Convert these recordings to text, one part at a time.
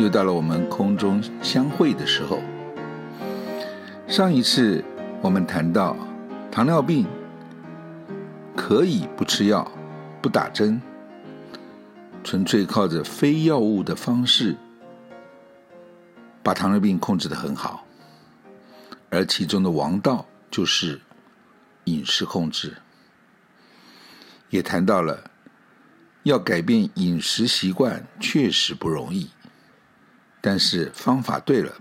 又到了我們空中相會的時候。上一次我們談到糖尿病可以不吃藥、不打針，純粹靠着非藥物的方式把糖尿病控制得很好，而其中的王道就是飲食控制。也談到了要改變飲食習慣確實不容易。但是方法對了，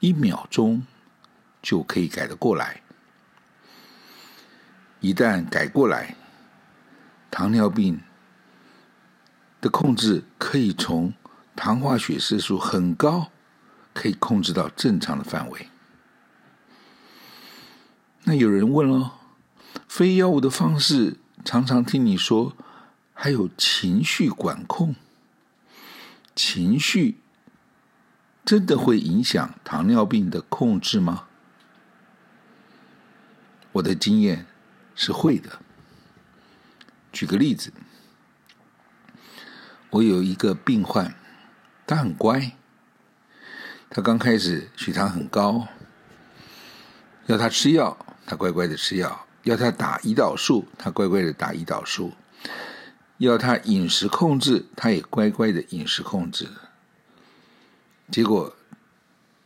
一秒鐘就可以改得過來。一旦改過來，糖尿病的控制可以從糖化血色素很高，可以控制到正常的範圍。那有人問了哦，非藥物的方式，常常聽你說還有情緒管控，情緒。真的會影響糖尿病的控制嗎？我的經驗是會的。舉個例子，我有一個病患，他很乖，他剛開始血糖很高，要他吃藥，他乖乖的吃藥；要他打胰島素，他乖乖的打胰島素；要他飲食控制，他也乖乖的飲食控制。結果，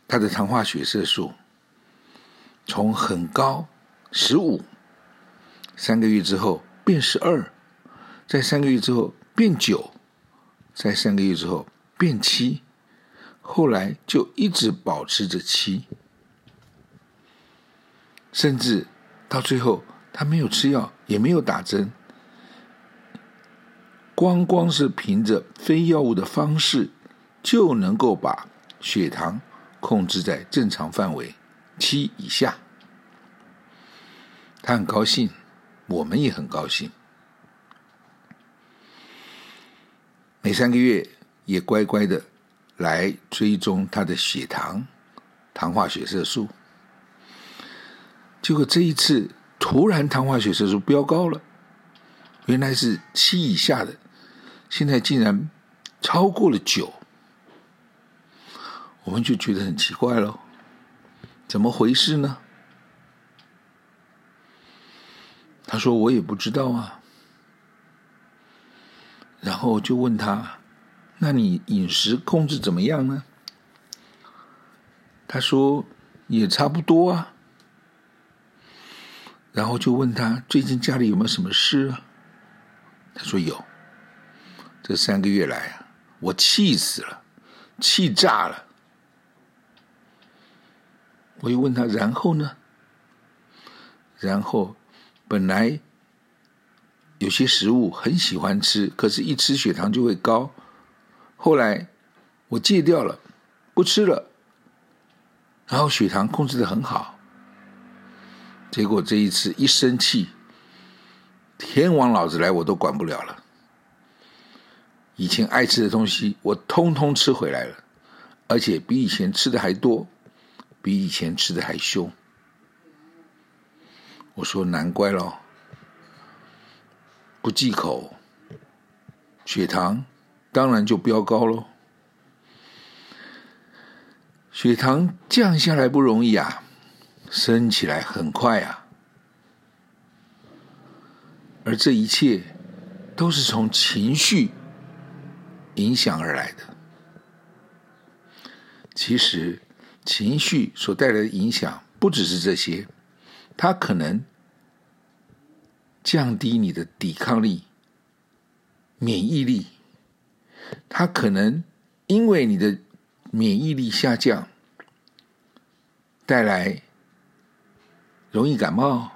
他的糖化血色素從很高十五，三個月之後變十二，再三個月之後變九，再三個月之後變七，後來就一直保持着七，甚至到最後他沒有吃藥也沒有打針，光光是憑着非藥物的方式就能夠把血糖控制在正常範圍七以下，他很高興，我們也很高興。每三個月也乖乖的來追蹤他的血糖、糖化血色素。結果這一次突然糖化血色素飆高了，原來是七以下的，現在竟然超過了九。我們就覺得很奇怪了，怎麼回事呢？他說我也不知道啊。然後就問他，那你飲食控制怎麼樣呢？他說也差不多啊。然後就問他最近家裡有沒有什麼事啊？他說有，這三個月來啊，我氣死了，氣炸了。我又問他：“然後呢？然後本來有些食物很喜歡吃，可是一吃血糖就會高。後來我戒掉了，不吃了，然後血糖控制得很好。結果這一次一生氣，天王老子來我都管不了了。以前愛吃的東西我通通吃回來了，而且比以前吃的還多。”比以前吃的還兇，我說難怪嘍，不忌口，血糖當然就飆高嘍。血糖降下來不容易啊，升起來很快啊，而這一切都是從情緒影響而來的，其實。情緒所帶來的影響不只是這些，它可能降低你的抵抗力、免疫力，它可能因為你的免疫力下降，帶來容易感冒，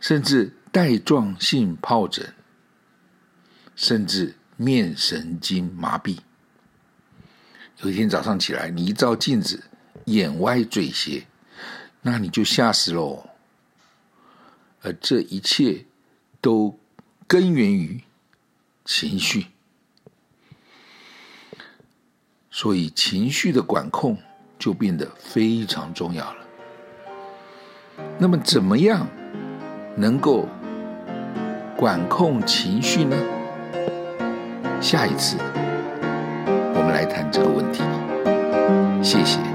甚至帶狀性皰疹，甚至面神經麻痹。有一天早上起來，你一照鏡子，眼歪嘴斜，那你就嚇死了。而這一切都根源於情緒，所以情緒的管控就變得非常重要了。那麼，怎麼樣能夠管控情緒呢？下一次。談這個問題，謝謝。